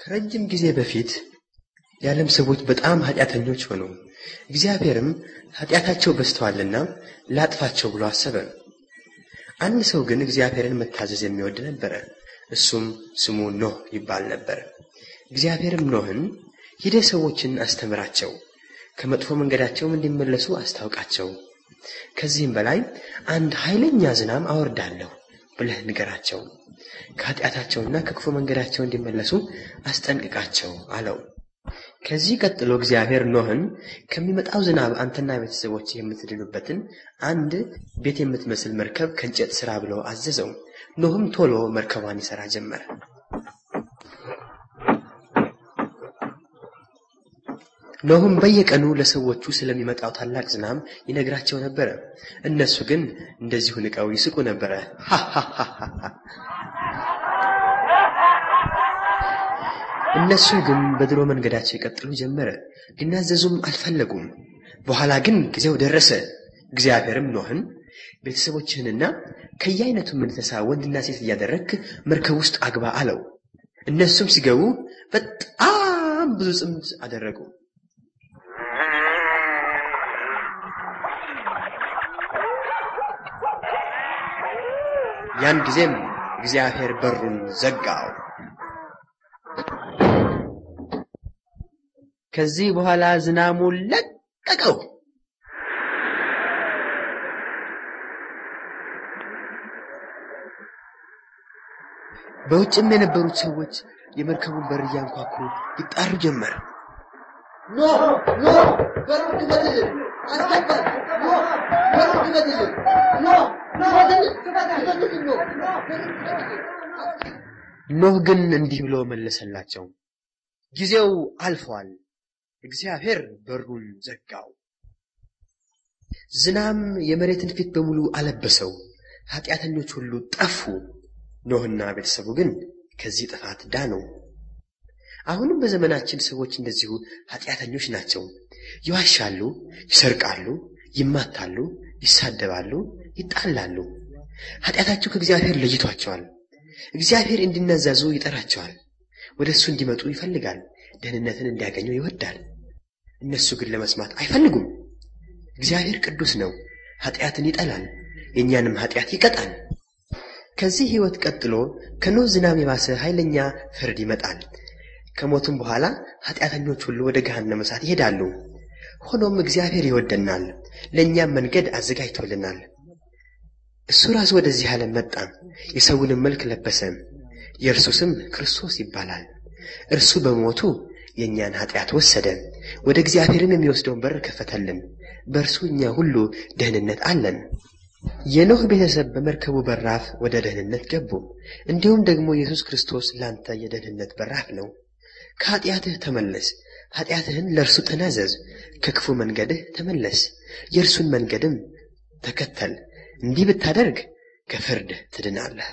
ከረጅም ጊዜ በፊት የዓለም ሰዎች በጣም ኃጢአተኞች ሆኑ። እግዚአብሔርም ኃጢአታቸው በዝተዋልና ላጥፋቸው ብሎ አሰበ። አንድ ሰው ግን እግዚአብሔርን መታዘዝ የሚወድ ነበረ። እሱም ስሙ ኖህ ይባል ነበር። እግዚአብሔርም ኖህን ሂደ ሰዎችን አስተምራቸው፣ ከመጥፎ መንገዳቸውም እንዲመለሱ አስታውቃቸው፣ ከዚህም በላይ አንድ ኃይለኛ ዝናም አወርዳለሁ ብለህ ንገራቸው፣ ከኃጢአታቸውና ከክፉ መንገዳቸው እንዲመለሱ አስጠንቅቃቸው አለው። ከዚህ ቀጥሎ እግዚአብሔር ኖህን ከሚመጣው ዝናብ አንተና ቤተሰቦች የምትድኑበትን አንድ ቤት የምትመስል መርከብ ከእንጨት ሥራ ብሎ አዘዘው። ኖህም ቶሎ መርከቧን ይሠራ ጀመረ። ኖኅም በየቀኑ ለሰዎቹ ስለሚመጣው ታላቅ ዝናብ ይነግራቸው ነበረ። እነሱ ግን እንደዚሁ ንቀው ይስቁ ነበረ። እነሱ ግን በድሮ መንገዳቸው ይቀጥሉ ጀመረ። ሊናዘዙም አልፈለጉም። በኋላ ግን ጊዜው ደረሰ። እግዚአብሔርም ኖህን ቤተሰቦችህንና ከየአይነቱ እንስሳ ወንድና ሴት እያደረግክ መርከብ ውስጥ አግባ አለው። እነሱም ሲገቡ በጣም ብዙ ጽምድ አደረጉ። ያን ጊዜም እግዚአብሔር በሩን ዘጋው። ከዚህ በኋላ ዝናሙ ለቀቀው። በውጭም የነበሩት ሰዎች የመርከቡን በር እያንኳኩ ይጣሩ ጀመር። ኖ ኖ በሩን ክፈትልን ኖህ ግን እንዲህ ብሎ መለሰላቸው፣ ጊዜው አልፏል። እግዚአብሔር በሩን ዘጋው። ዝናም የመሬትን ፊት በሙሉ አለበሰው። ኃጢአተኞች ሁሉ ጠፉ። ኖህና ቤተሰቡ ግን ከዚህ ጥፋት ዳነው። አሁንም በዘመናችን ሰዎች እንደዚሁ ኃጢአተኞች ናቸው። ይዋሻሉ፣ ይሰርቃሉ፣ ይማታሉ፣ ይሳደባሉ፣ ይጣላሉ። ኃጢአታቸው ከእግዚአብሔር ለይቷቸዋል። እግዚአብሔር እንዲናዘዙ ይጠራቸዋል። ወደ እሱ እንዲመጡ ይፈልጋል። ደህንነትን እንዲያገኙ ይወዳል። እነሱ ግን ለመስማት አይፈልጉም። እግዚአብሔር ቅዱስ ነው፣ ኃጢአትን ይጠላል፣ የእኛንም ኃጢአት ይቀጣል። ከዚህ ሕይወት ቀጥሎ ከኖ ዝናብ የባሰ ኃይለኛ ፍርድ ይመጣል። ከሞቱም በኋላ ኃጢአተኞች ሁሉ ወደ ገሃነመ እሳት ይሄዳሉ። ሆኖም እግዚአብሔር ይወደናል፣ ለእኛም መንገድ አዘጋጅቶልናል። እሱ ራሱ ወደዚህ ዓለም መጣ፣ የሰውንም መልክ ለበሰ። የእርሱ ስም ክርስቶስ ይባላል። እርሱ በሞቱ የእኛን ኃጢአት ወሰደ፣ ወደ እግዚአብሔርም የሚወስደውን በር ከፈተልን። በእርሱ እኛ ሁሉ ደህንነት አለን። የኖህ ቤተሰብ በመርከቡ በራፍ ወደ ደህንነት ገቡ። እንዲሁም ደግሞ ኢየሱስ ክርስቶስ ላንተ የደህንነት በራፍ ነው። ከኃጢአትህ ተመለስ፣ ኃጢአትህን ለእርሱ ተናዘዝ፣ ከክፉ መንገድህ ተመለስ፣ የእርሱን መንገድም ተከተል። እንዲህ ብታደርግ ከፍርድ ትድናለህ።